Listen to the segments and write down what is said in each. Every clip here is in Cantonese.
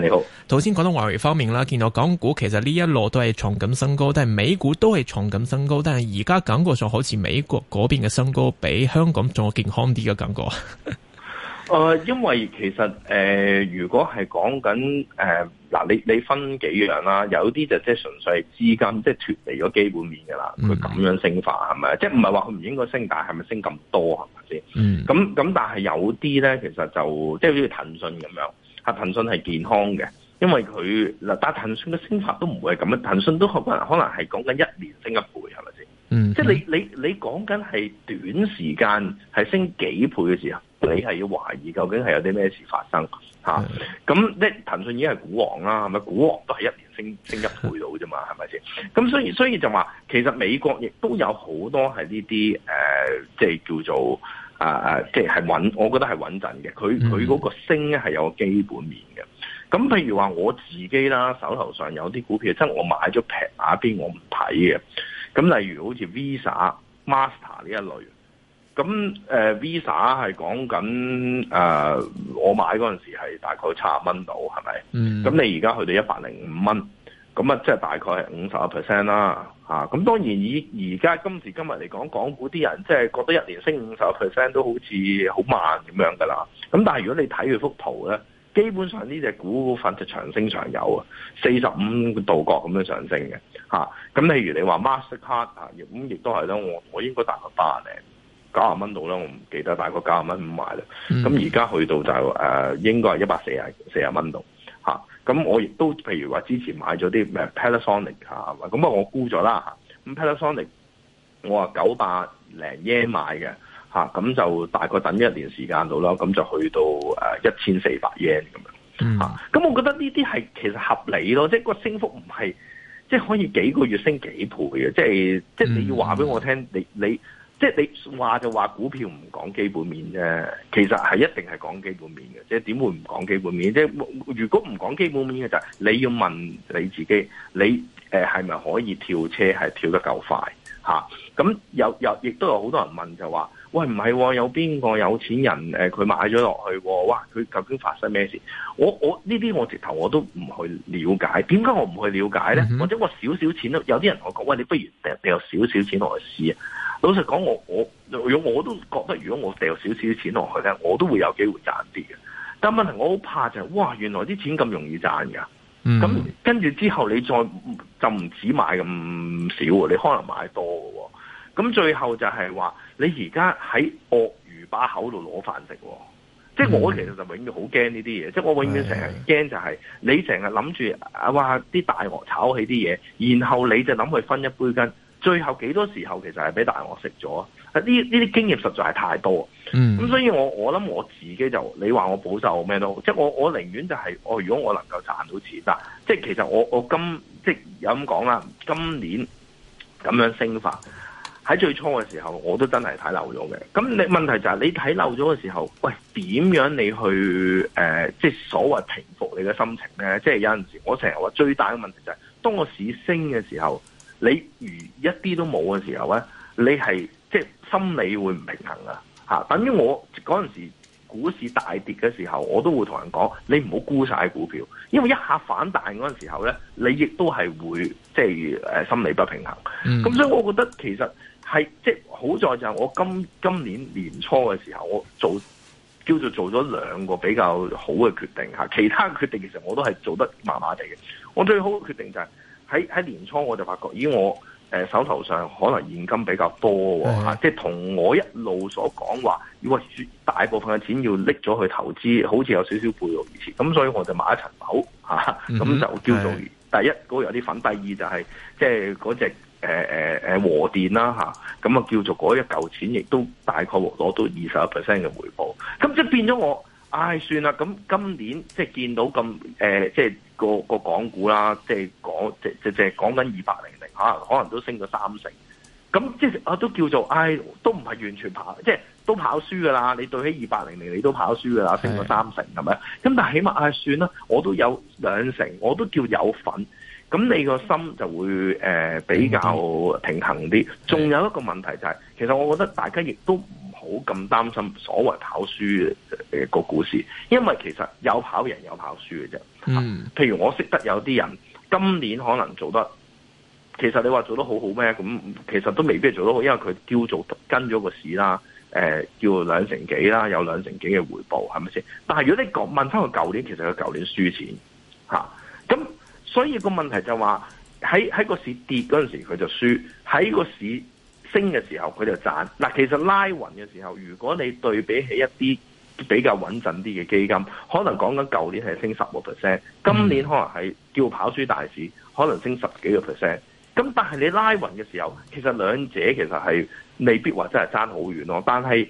你好，頭先講到華為方面啦，見到港股其實呢一路都係創緊新高，但係美股都係創緊新高，但係而家感覺上好似美國嗰邊嘅新高比香港仲健康啲嘅感覺、呃。誒，因為其實誒、呃，如果係講緊誒、嗱、呃，你你分幾樣啦，有啲就即係純粹係資金，即係脫離咗基本面噶啦，佢、嗯、咁樣升化係咪？即係唔係話佢唔應該升，但係咪升咁多係咪先？咁咁、嗯、但係有啲咧，其實就即係好似騰訊咁樣。阿、啊、騰訊係健康嘅，因為佢嗱，但騰訊嘅升幅都唔會係咁啊！騰訊都可能可能係講緊一年升一倍，係咪先？嗯，即、就、係、是、你你你講緊係短時間係升幾倍嘅時候，你係要懷疑究竟係有啲咩事發生嚇？咁、嗯、即、啊、騰訊已經係股王啦，係咪？股王都係一年升 升一倍到啫嘛，係咪先？咁所以所以就話，其實美國亦都有好多係呢啲誒，即、呃、係、就是、叫做。啊啊，即係穩，我覺得係穩陣嘅。佢佢嗰個升係有個基本面嘅。咁譬如話我自己啦，手頭上有啲股票，即係我買咗平下邊，我唔睇嘅。咁例如好似 Visa、Master 呢一類。咁誒、uh,，Visa 係講緊誒，uh, 我買嗰陣時係大概七十蚊到，係咪？咁、mm-hmm. 你而家去到一百零五蚊。咁啊，即係大概係五十個 percent 啦，嚇！咁當然以而家今時今日嚟講，港股啲人即係覺得一年升五十個 percent 都好似好慢咁樣噶啦。咁、啊、但係如果你睇佢幅圖咧，基本上呢隻股份就長升長有啊，四十五度角咁樣上升嘅嚇。咁、啊、例如你話 Mastercard 啊，咁亦都係咧，我我應該大概八零、九廿蚊度啦，我唔記得，大概九廿蚊五買啦。咁而家去到就誒、呃，應該係一百四廿四廿蚊度。咁、啊、我亦都譬如話，之前買咗啲咩 Panasonic 咁，啊我沽咗啦，咁 Panasonic 我話九百零 yen 買嘅，咁、啊、就大概等一年時間到啦，咁就去到誒一千四百 yen 咁樣，咁我覺得呢啲係其實合理咯，即、就、係、是、個升幅唔係即係可以幾個月升幾倍嘅，即係即係你要話俾我聽，你你。即係你話就話股票唔講基本面啫，其實係一定係講基本面嘅。即係點會唔講基本面？即係如果唔講基本面嘅就係你要問你自己，你誒係咪可以跳車係跳得夠快嚇？咁有有亦都有好多人問就話。喂，唔係、哦、有邊個有錢人？佢、呃、買咗落去、哦，哇！佢究竟發生咩事？我我呢啲我直頭我都唔去了解。點解我唔去了解咧？或、嗯、者我少少錢都有啲人我講，喂，你不如掉，你有少少錢落去試啊！老實講，我我如果我都覺得，如果我掉少少錢落去咧，我都會有機會賺啲嘅。但問題我好怕就係、是，哇！原來啲錢咁容易賺㗎。咁、嗯、跟住之後，你再就唔止買咁少，你可能買多嘅、哦。咁最後就係話。你而家喺鱷魚把口度攞飯食、哦嗯，即係我其實就永遠好驚呢啲嘢，即係我永遠成日驚就係、是嗯、你成日諗住啊，哇！啲大鱷炒起啲嘢，然後你就諗去分一杯羹，最後幾多時候其實係俾大鱷食咗啊！呢呢啲經驗實在係太多，咁、嗯、所以我我諗我自己就你話我保守咩都好，即係我我寧願就係、是、我如果我能夠賺到錢啦，但即係其實我我今即係有咁講啦，今年咁樣升法。喺最初嘅時候，我都真係睇漏咗嘅。咁你問題就係、是、你睇漏咗嘅時候，喂點樣你去誒、呃，即係所謂平復你嘅心情咧？即係有陣時我，我成日話最大嘅問題就係、是、當個市升嘅時候，你如一啲都冇嘅時候咧，你係即係心理會唔平衡啊？嚇！等於我嗰陣時股市大跌嘅時候，我都會同人講：你唔好沽晒股票，因為一下反彈嗰陣時候咧，你亦都係會即係誒心理不平衡。咁、嗯、所以，我覺得其實。係即係好在就係我今今年年初嘅時候，我做叫做做咗兩個比較好嘅決定吓，其他決定其實我都係做得麻麻地嘅。我最好嘅決定就係喺喺年初我就發覺以，咦我誒手頭上可能現金比較多吓，即係同我一路所講話，哇大部分嘅錢要拎咗去投資，好似有少少背道，而馳咁，所以我就買一層樓吓，咁、啊嗯啊、就叫做第一嗰、嗰個、有啲粉，第二就係即係嗰隻。就是那隻誒、欸、誒、欸、和電啦，咁啊就叫做嗰一嚿錢，亦都大概攞到二十一 percent 嘅回報。咁即變咗我，唉、哎、算啦。咁今年即係、就是、見到咁即係個港股啦，即係講即即即係講緊二八零零可能都升咗三成。咁即係都叫做，唉、哎、都唔係完全跑，即、就、係、是、都跑輸㗎啦。你對起二八零零，你都跑輸㗎啦，升咗三成係咪？咁但係起碼唉、哎、算啦，我都有兩成，我都叫有份。咁你個心就會誒、呃、比較平衡啲。仲有一個問題就係、是，其實我覺得大家亦都唔好咁擔心所謂跑輸嘅誒個股市，因為其實有跑贏有跑輸嘅啫。嗯、啊，譬如我識得有啲人今年可能做得，其實你話做得好好咩？咁其實都未必做得好，因為佢叫做跟咗個市啦，誒、呃、叫兩成幾啦，有兩成幾嘅回報係咪先？但係如果你問翻佢舊年，其實佢舊年輸錢吓。啊所以個問題就係話喺喺個市跌嗰陣時佢就輸，喺個市升嘅時候佢就賺。嗱，其實拉勻嘅時候，如果你對比起一啲比較穩陣啲嘅基金，可能講緊舊年係升十五個 percent，今年可能係叫跑輸大市，可能升十幾個 percent。咁但係你拉勻嘅時候，其實兩者其實係未必話真係爭好遠咯。但係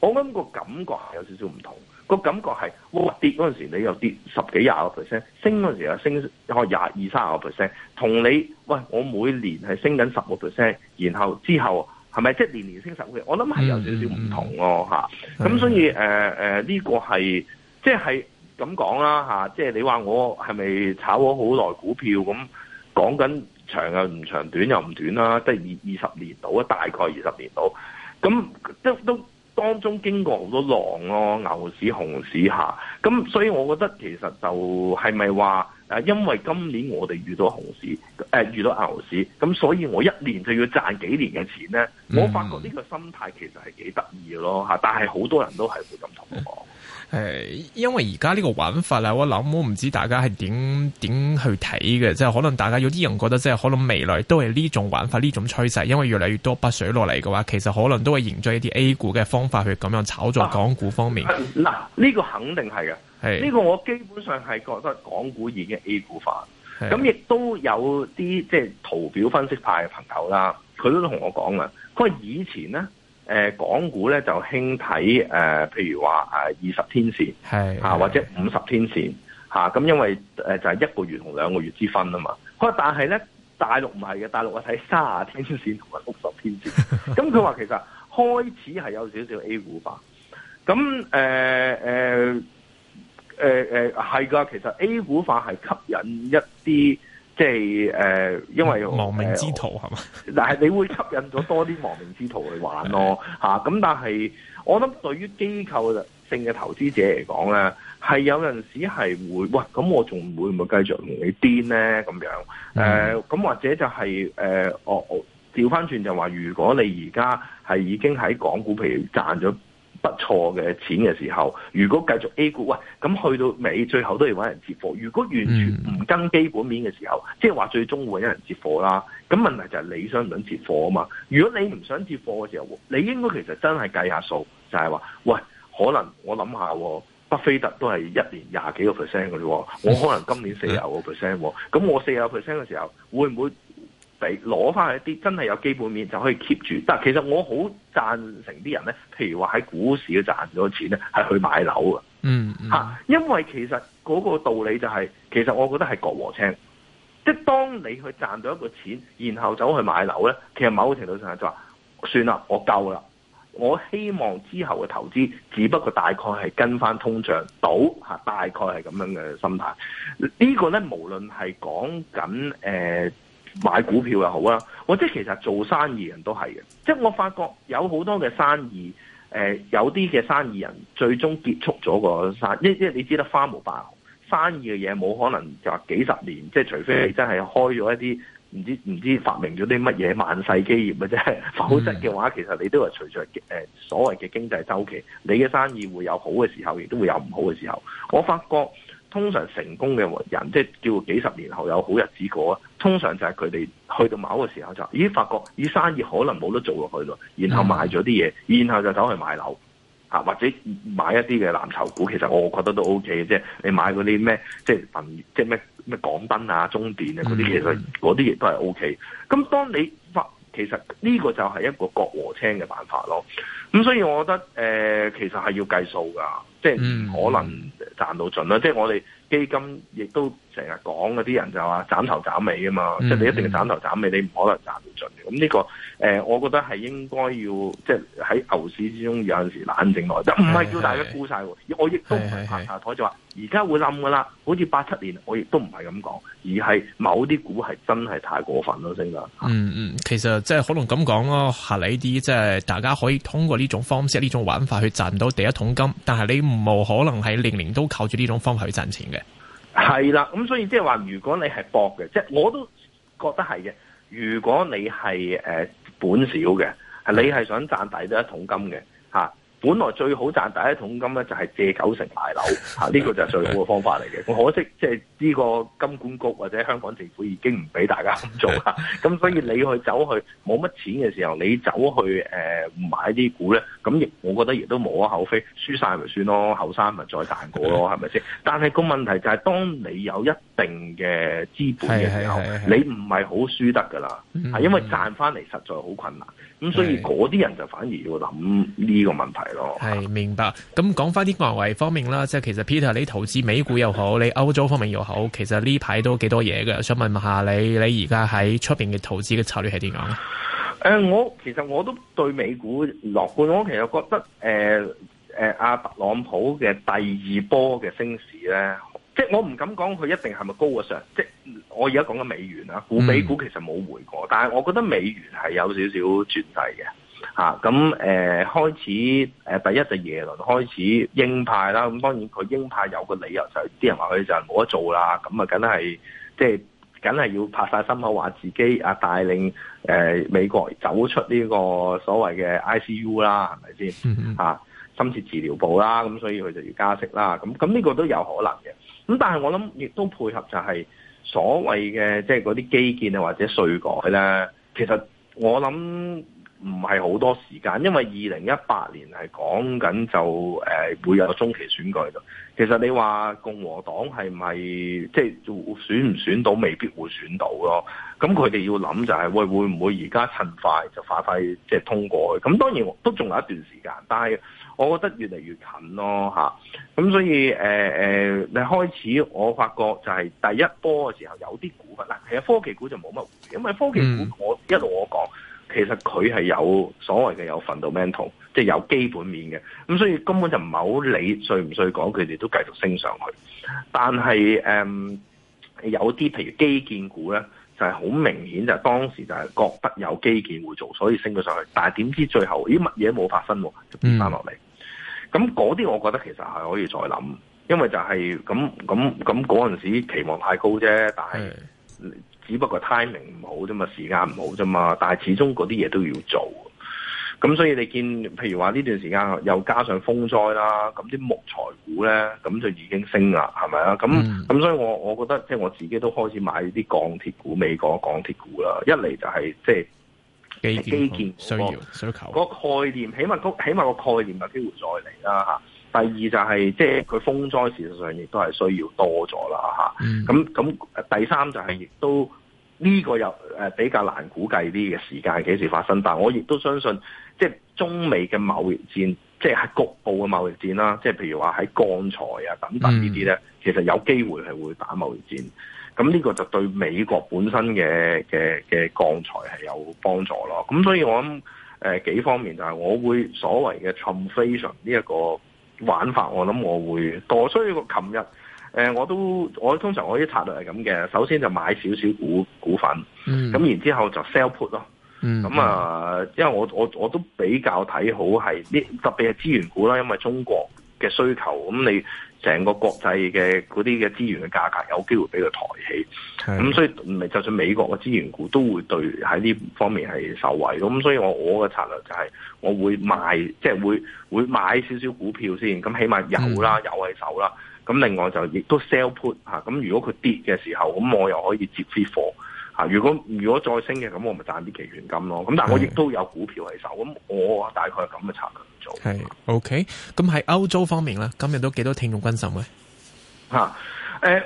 我諗個感覺係有少少唔同。個感覺係，哇！跌嗰陣時你又跌十幾廿個 percent，升嗰陣時又升可廿二,二三十個 percent，同你喂我每年係升緊十個 percent，然後之後係咪即係年年升十個 p 我諗係有少少唔同咯、啊、嚇，咁、嗯嗯嗯、所以誒誒呢個係即係咁講啦嚇，即係、啊、你話我係咪炒咗好耐股票咁講緊長又唔長，短又唔短啦、啊，得二二十年度啊，大概二十年度。咁都都。都當中經過好多浪咯，牛市、熊市下，咁所以我覺得其實就係咪話誒，因為今年我哋遇到熊市，誒、呃、遇到牛市，咁所以我一年就要賺幾年嘅錢咧？我發覺呢個心態其實係幾得意咯嚇，但係好多人都係會咁同我講。誒，因為而家呢個玩法咧，我諗我唔知大家係點點去睇嘅，即、就、係、是、可能大家有啲人覺得、就是，即係可能未來都係呢種玩法，呢種趨勢，因為越嚟越多北水落嚟嘅話，其實可能都係延續一啲 A 股嘅方法去咁樣炒作港股方面。嗱、啊，呢、啊啊這個肯定係嘅，呢、這個我基本上係覺得港股已經 A 股化，咁亦、啊、都有啲即係圖表分析派嘅朋友啦，佢都同我講喇，佢話以前咧。誒、呃，港股咧就輕睇誒，譬如話誒、啊、二十天線係吓、啊、或者五十天線吓，咁、啊嗯，因為誒、呃、就係、是、一個月同兩個月之分啊嘛。但係咧大陸唔係嘅，大陸我睇卅天線同埋六十天線。咁佢話其實開始係有少少 A 股化。咁誒誒誒誒係噶，其實 A 股化係吸引一啲。即係誒、呃，因為、呃、亡命之徒係嘛，但係你會吸引咗多啲亡命之徒去玩咯吓。咁 但係我諗對於機構性嘅投資者嚟講咧，係有陣時係會，喂，咁我仲會唔會繼續同你癲咧？咁樣誒，咁、呃、或者就係、是、誒、呃，我我調翻轉就話、是，如果你而家係已經喺港股譬如賺咗。不錯嘅錢嘅時候，如果繼續 A 股，喂，咁去到尾最後都要揾人接貨。如果完全唔跟基本面嘅時候，即係話最終會有人接貨啦。咁問題就係你想唔想接貨啊嘛？如果你唔想接貨嘅時候，你應該其實真係計下數，就係話，喂，可能我諗下，巴菲特都係一年廿幾個 percent 嘅啫，我可能今年四廿個 percent，咁我四廿 percent 嘅時候會唔會？俾攞翻去一啲真係有基本面就可以 keep 住。但其實我好贊成啲人呢，譬如話喺股市嘅賺咗錢呢係去買樓嘅、嗯。嗯，因為其實嗰個道理就係、是，其實我覺得係國和青。即係當你去賺到一個錢，然後走去買樓呢，其實某個程度上就話算啦，我夠啦。我希望之後嘅投資，只不過大概係跟翻通脹倒嚇，大概係咁樣嘅心態。呢、這個呢，無論係講緊誒。呃買股票又好啦，或者其實做生意人都係嘅，即係我發覺有好多嘅生意，呃、有啲嘅生意人最終結束咗個生意。因為你知得花無百，生意嘅嘢冇可能就話幾十年，即係除非你真係開咗一啲唔知唔知發明咗啲乜嘢萬世基業嘅啫，否則嘅話其實你都係隨着、呃、所謂嘅經濟周期，你嘅生意會有好嘅時候，亦都會有唔好嘅時候。我發覺。通常成功嘅人，即係叫幾十年後有好日子過，通常就係佢哋去到某個時候就，咦，發覺咦生意可能冇得做落去咯，然後賣咗啲嘢，然後就走去買樓，吓或者買一啲嘅藍籌股，其實我覺得都 O K 嘅，即係你買嗰啲咩，即係即係咩咩港燈啊、中電啊嗰啲、嗯，其實嗰啲亦都係 O K。咁當你發，其實呢個就係一個割禾青嘅辦法咯。咁所以我覺得誒、呃，其實係要計數噶。即係可能賺到盡啦、嗯！即係我哋基金亦都成日講嗰啲人就話斬頭斬尾啊嘛！嗯嗯、即係你一定要斬頭斬尾，你唔可能賺到盡嘅。咁、嗯、呢、呢個誒、呃，我覺得係應該要即係喺牛市之中有陣時冷靜落，就唔係叫大家沽曬。我亦都唔係拍下台，就話而家會冧噶啦。好似八七年，我亦都唔係咁講，而係某啲股係真係太過分啦，升得。嗯嗯，其實即係可能咁講咯，合理啲即係大家可以通過呢種方式、呢種玩法去賺到第一桶金，但係你，冇可能係年年都靠住呢種方法去賺錢嘅。係啦，咁所以即係話，如果你係搏嘅，即係我都覺得係嘅。如果你係誒本少嘅，你係想賺大得一桶金嘅，吓。本來最好賺第一桶金咧，就係借九成買樓嚇，呢、 啊呢個就係最好嘅方法嚟嘅。可惜即係呢個金管局或者香港政府已經唔俾大家咁做啦。咁 所以你去走去冇乜錢嘅時候，你走去誒、呃、買啲股咧，咁亦我覺得亦都無可厚非，輸曬咪算咯，後生咪再賺過咯，係咪先？但係個問題就係、是、當你有一定嘅資本嘅時候，你唔係好輸得噶啦，係、嗯、因為賺翻嚟實在好困難。咁、嗯、所以嗰啲人就反而要諗呢個問題咯。係明白。咁講翻啲外圍方面啦，即係其實 Peter，你投資美股又好，你歐洲方面又好，其實呢排都幾多嘢嘅。想問下你，你而家喺出邊嘅投資嘅策略係點樣咧、呃？我其實我都對美股樂觀，我其實覺得誒誒阿特朗普嘅第二波嘅升市咧。即係我唔敢講佢一定係咪高過上，即係我而家講緊美元啊，股美股其實冇回過，嗯、但係我覺得美元係有少少轉勢嘅嚇。咁、啊、誒、呃、開始誒、呃、第一就係耶倫開始鷹派啦，咁當然佢鷹派有個理由就係、係、啲人話佢就係冇得做啦，咁啊梗係即係梗係要拍晒心口話自己啊帶領誒、呃、美國走出呢個所謂嘅 ICU 啦，係咪先嚇深切治療部啦，咁所以佢就要加息啦，咁咁呢個都有可能嘅。咁但係我諗亦都配合，就係所謂嘅即係嗰啲基建啊或者稅改咧，其實我諗唔係好多時間，因為二零一八年係講緊就、呃、會有中期選舉。其實你話共和黨係咪即係選唔選到，未必會選到咯。咁佢哋要諗就係、是、喂會唔會而家趁快就快快即係、就是、通過嘅。咁當然都仲有一段時間，但係。我覺得越嚟越近咯嚇，咁、嗯、所以誒誒，你、呃、開始我發覺就係第一波嘅時候有啲股份啦，其實科技股就冇乜，因為科技股我一路我講，其實佢係有所謂嘅有 fundamental，即係有基本面嘅，咁、嗯、所以根本就唔係好理衰唔衰講，佢哋都繼續升上去。但係誒、嗯，有啲譬如基建股咧，就係、是、好明顯就係當時就係覺得有基建會做，所以升咗上去，但係點知最後咦乜嘢都冇發生，就跌返落嚟。嗯。咁嗰啲，我覺得其實係可以再諗，因為就係咁咁咁嗰陣時期望太高啫，但係只不過 timing 唔好啫嘛，時間唔好啫嘛，但係始終嗰啲嘢都要做。咁所以你見，譬如話呢段時間又加上風災啦，咁啲木材股咧，咁就已經升啦，係咪啊？咁咁所以我我覺得，即係我自己都開始買啲鋼鐵股、美國鋼鐵股啦，一嚟就係即係。就是基建需要建需求，需那個概念起碼個起碼個概念就有機會再嚟啦吓。第二就係、是、即係佢風災，事實上亦都係需要多咗啦吓。咁、嗯、咁第三就係、是、亦都呢、這個又誒比較難估計啲嘅時間係幾時發生，但係我亦都相信，即係中美嘅貿易戰，即係局部嘅貿易戰啦，即係譬如話喺鋼材啊等等呢啲咧，其實有機會係會打貿易戰。咁呢個就對美國本身嘅嘅嘅鋼材係有幫助咯。咁所以我諗誒、呃、幾方面就係我會所謂嘅 Trumpflation 呢一個玩法，我諗我會。所以我琴日誒我都我通常我啲策略係咁嘅，首先就買少少股股份，咁、mm. 然之後就 sell put 咯。咁、mm. 啊，因為我我我都比較睇好係呢特別係資源股啦，因為中國嘅需求咁你。整個國際嘅嗰啲嘅資源嘅價格有機會俾佢抬起，咁所以唔係就算美國嘅資源股都會對喺呢方面係受惠，咁所以我我嘅策略就係我會買，即係會會買少少股票先，咁起碼有啦，有喺手啦，咁另外就亦都 sell put 嚇、啊，咁如果佢跌嘅時候，咁我又可以接啲貨。如果如果再升嘅，咁我咪賺啲期權金咯。咁但係我亦都有股票喺手，咁我大概係咁嘅策略嚟做。係，OK。咁喺歐洲方面咧，今日都幾多聽眾觀賞嘅？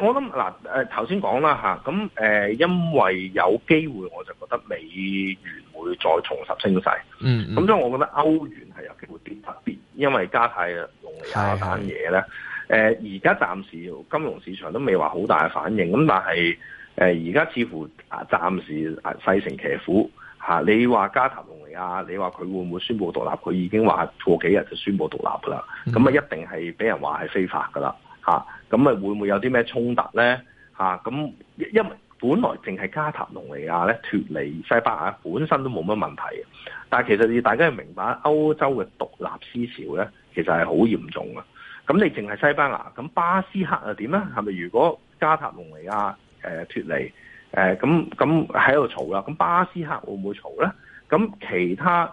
我諗嗱，頭先講啦嚇，咁、啊呃、因為有機會，我就覺得美元會再重拾升勢。嗯，嗯。咁、嗯、所以，我覺得歐元係有機會跌特別因為加太用嚟下單嘢咧。而家、呃、暫時金融市場都未話好大嘅反應。咁但係而家似乎啊！暫時啊，西城騎虎嚇、啊。你話加塔隆尼亞，你話佢會唔會宣布獨立？佢已經話過幾日就宣布獨立㗎啦。咁啊，一定係俾人話係非法㗎啦嚇。咁啊，會唔會有啲咩衝突咧嚇？咁因為本來淨係加塔隆尼亞咧脫離西班牙本身都冇乜問題嘅，但係其實要大家要明白歐洲嘅獨立思潮咧，其實係好嚴重嘅。咁你淨係西班牙咁巴斯克啊點咧？係咪如果加塔隆尼亞誒脫、呃、離？誒、嗯，咁咁喺度嘈啦，咁巴斯克會唔會嘈咧？咁其他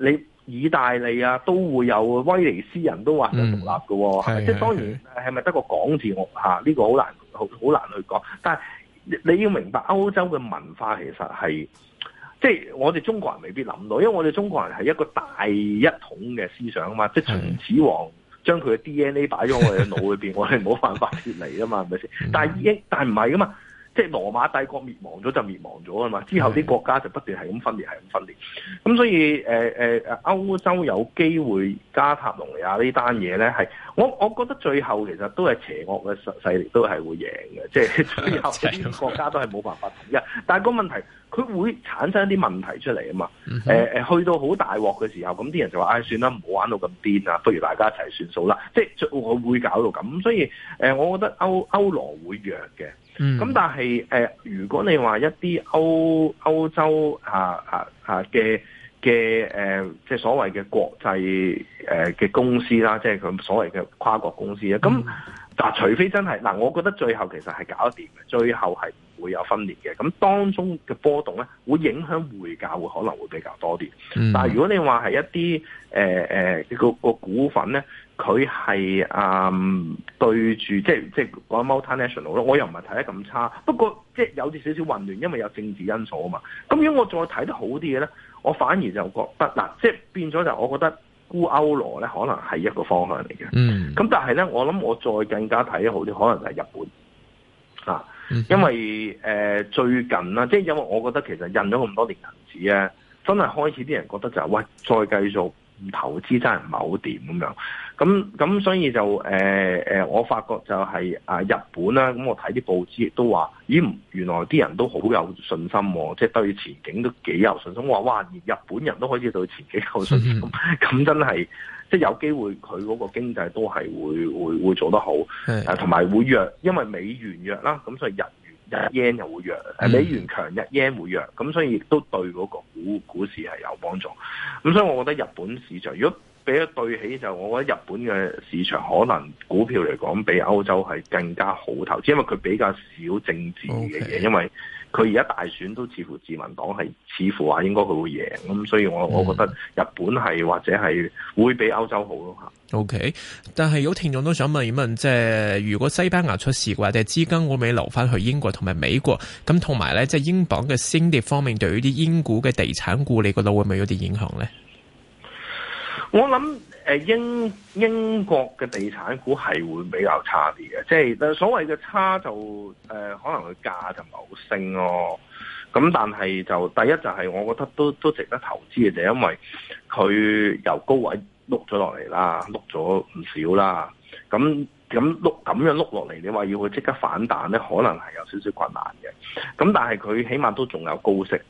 你意大利啊，都會有威尼斯人都話有獨立喎、哦嗯。即係當然係咪得個講字？我吓呢個好難好難去講。但係你要明白歐洲嘅文化其實係，即係我哋中國人未必諗到，因為我哋中國人係一個大一統嘅思想啊嘛，嗯、即係秦始皇將佢嘅 DNA 擺咗我哋嘅腦裏邊， 我哋冇辦法脱離啊嘛，係咪先？但係但係唔係噶嘛。即係羅馬帝國滅亡咗就滅亡咗啊嘛，之後啲國家就不斷係咁分裂，係咁分裂，咁所以誒誒誒，歐、呃、洲有機會加塔隆尼亞呢單嘢咧，係我我覺得最後其實都係邪惡嘅勢力都係會贏嘅，即係最後啲國家都係冇辦法統一。 但係個問題，佢會產生一啲問題出嚟啊嘛。誒、嗯、誒、呃，去到好大鑊嘅時候，咁啲人就話，唉、哎，算啦，唔好玩到咁癲啊，不如大家一齊算數啦。即係我會搞到咁，所以誒、呃，我覺得歐歐羅會弱嘅。咁、嗯、但係、呃、如果你話一啲歐，歐洲嘅嘅即係所謂嘅國際嘅、啊、公司啦，即係佢所謂嘅跨國公司啦咁，但除非真係嗱、啊，我覺得最後其實係搞得掂嘅，最後係唔會有分裂嘅。咁、啊、當中嘅波動咧，會影響匯價，會可能會比較多啲、嗯。但係如果你話係一啲誒、呃呃嗰個嗰個股份咧。佢係誒對住即係即係講 multinational 咯，我又唔係睇得咁差，不過即係有啲少少混亂，因為有政治因素啊嘛。咁如果我再睇得好啲嘅咧，我反而就覺得嗱、啊，即係變咗就我覺得沽歐羅咧，可能係一個方向嚟嘅。嗯，咁但係咧，我諗我再更加睇得好啲，可能係日本啊，因為誒、呃、最近啦，即係因為我覺得其實印咗咁多年銀紙啊，真係開始啲人覺得就係、喂，再繼續。投資真係唔係好掂咁樣，咁咁所以就誒、呃、我發覺就係、誒、啊日本啦，咁我睇啲報紙亦都話，咦原來啲人都好有信心，即係對前景都幾有信心。我話哇，連日本人都可以對前景有信心，咁、 嗯、真係即係有機會佢嗰個經濟都係會會會做得好，同埋會弱，因為美元弱啦，咁所以日。日 yen 又會弱，美元強，日 yen 會弱，咁所以亦都對嗰個股股市係有幫助。咁所以，我覺得日本市場，如果俾一對起就，我覺得日本嘅市場可能股票嚟講，比歐洲係更加好投資，只因為佢比較少政治嘅嘢，因為。佢而家大選都似乎自民黨係，似乎話應該佢會贏咁，所以我我覺得日本係、嗯、或者係會比歐洲好咯吓。O、okay, K，但係有聽眾都想問一問，即係如果西班牙出事嘅話，啲資金會唔會留翻去英國同埋美國？咁同埋咧，即係英鎊嘅升跌方面，對於啲英股嘅地產股，你覺得會唔會有啲影響咧？我諗。誒英英國嘅地產股係會比較差啲嘅，即係所謂嘅差就誒，可能佢價就唔係好升咯。咁但係就第一就係，我覺得都都值得投資嘅，就因為佢由高位碌咗落嚟啦，碌咗唔少啦。咁咁碌咁樣碌落嚟，你話要佢即刻反彈咧，可能係有少少困難嘅。咁但係佢起碼都仲有高息。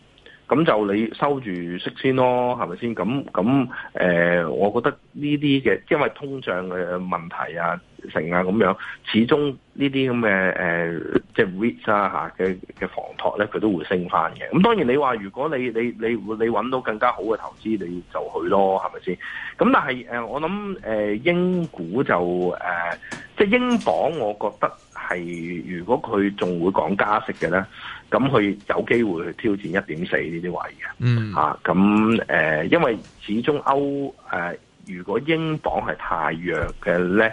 咁就你收住息先咯，係咪先？咁咁誒，我覺得呢啲嘅，因為通脹嘅問題啊，成啊咁樣，始終、呃就是啊啊、呢啲咁嘅即係 REIT 啊嚇嘅嘅房託咧，佢都會升翻嘅。咁當然你話如果你你你你揾到更加好嘅投資，你就去咯，係咪先？咁但係、呃、我諗誒、呃、英股就誒，即、呃、係、就是、英鎊，我覺得。係如果佢仲會講加息嘅呢，咁佢有機會去挑戰一點四呢啲位嘅，嚇、嗯、咁、啊、因為始終歐、呃、如果英鎊係太弱嘅呢。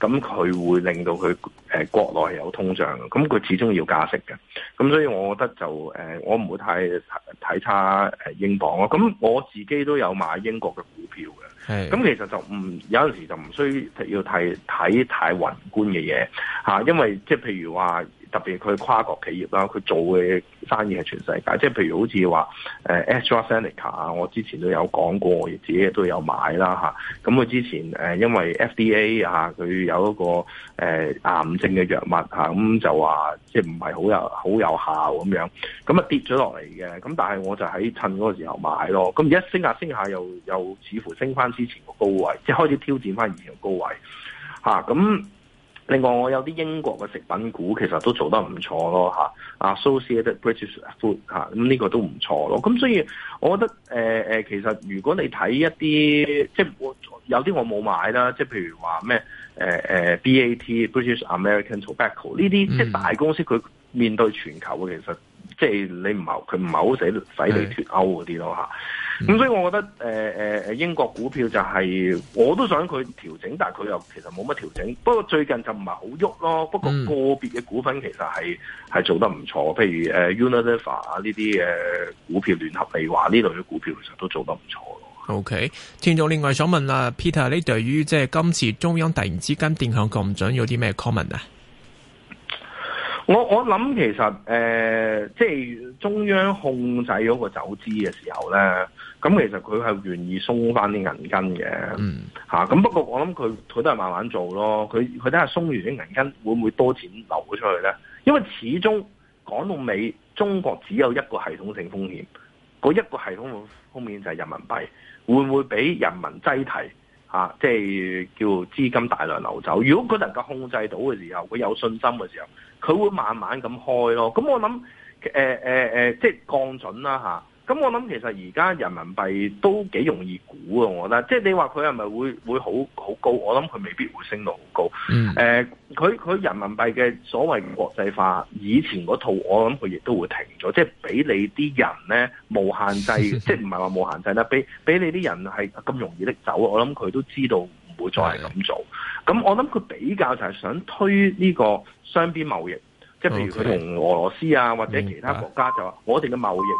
咁佢會令到佢國內係有通脹嘅，咁佢始終要加息嘅，咁所以我覺得就誒，我唔會太睇差誒英鎊咯。咁我自己都有買英國嘅股票嘅，咁其實就唔有陣時就唔需要睇睇太宏觀嘅嘢吓，因為即係譬如話。特別佢跨國企業啦，佢做嘅生意係全世界，即係譬如好似話誒 AstraZeneca 啊，我之前都有講過，我自己都有買啦嚇。咁、啊、佢之前誒因為 FDA 啊，佢有一個誒、啊、癌症嘅藥物嚇，咁、啊、就話即係唔係好有好有效咁樣，咁啊跌咗落嚟嘅。咁但係我就喺趁嗰個時候買咯。咁而家升下升下又又似乎升翻之前個高位，即係開始挑戰翻以前個高位嚇。咁、啊另外我有啲英國嘅食品股其實都做得唔錯咯吓，、啊、Associated British Food 吓、啊，咁、這、呢個都唔錯咯。咁所以我覺得、呃、其實如果你睇一啲即係我有啲我冇買啦，即係譬如話咩誒 BAT British American Tobacco 呢啲即係大公司佢面對全球嘅其實。即係你唔係佢唔係好使使你脫歐嗰啲咯吓，咁所以我覺得誒、呃、英國股票就係、是、我都想佢調整，但佢又其實冇乜調整。不過最近就唔係好喐咯，不過個別嘅股份其實係係、嗯、做得唔錯。譬如誒 Unilever 啊呢啲嘅股票聯合利華呢類嘅股票其實都做得唔錯咯。OK，聽眾另外想問啦，Peter 你對於即係今次中央突然之間定向降準有啲咩 comment 啊？我我諗其實誒、呃，即係中央控制咗個走資嘅時候咧，咁其實佢係願意鬆翻啲銀根嘅，吓、嗯、咁、啊、不過我諗佢佢都係慢慢做咯，佢佢睇下鬆完啲銀根會唔會多錢流咗出去咧？因為始終講到尾，中國只有一個系統性風險，嗰一個系統風險就係人民幣會唔會俾人民擠提？啊，即係叫資金大量流走。如果佢能夠控制到嘅時候，佢有信心嘅時候，佢會慢慢咁開咯。咁我諗，誒誒誒，即係降準啦、啊、吓。啊咁我諗其實而家人民幣都幾容易估啊！我覺得，即係你話佢係咪會會好好高？我諗佢未必會升到好高。嗯。誒、呃，佢佢人民幣嘅所謂國際化，以前嗰套我諗佢亦都會停咗，即係俾你啲人咧無限制， 即係唔係話無限制啦，俾俾你啲人係咁容易拎走。我諗佢都知道唔會再係咁做。咁我諗佢比較就係想推呢個雙邊貿易，即、okay, 係譬如佢同俄羅斯啊或者其他國家就話，我哋嘅貿易。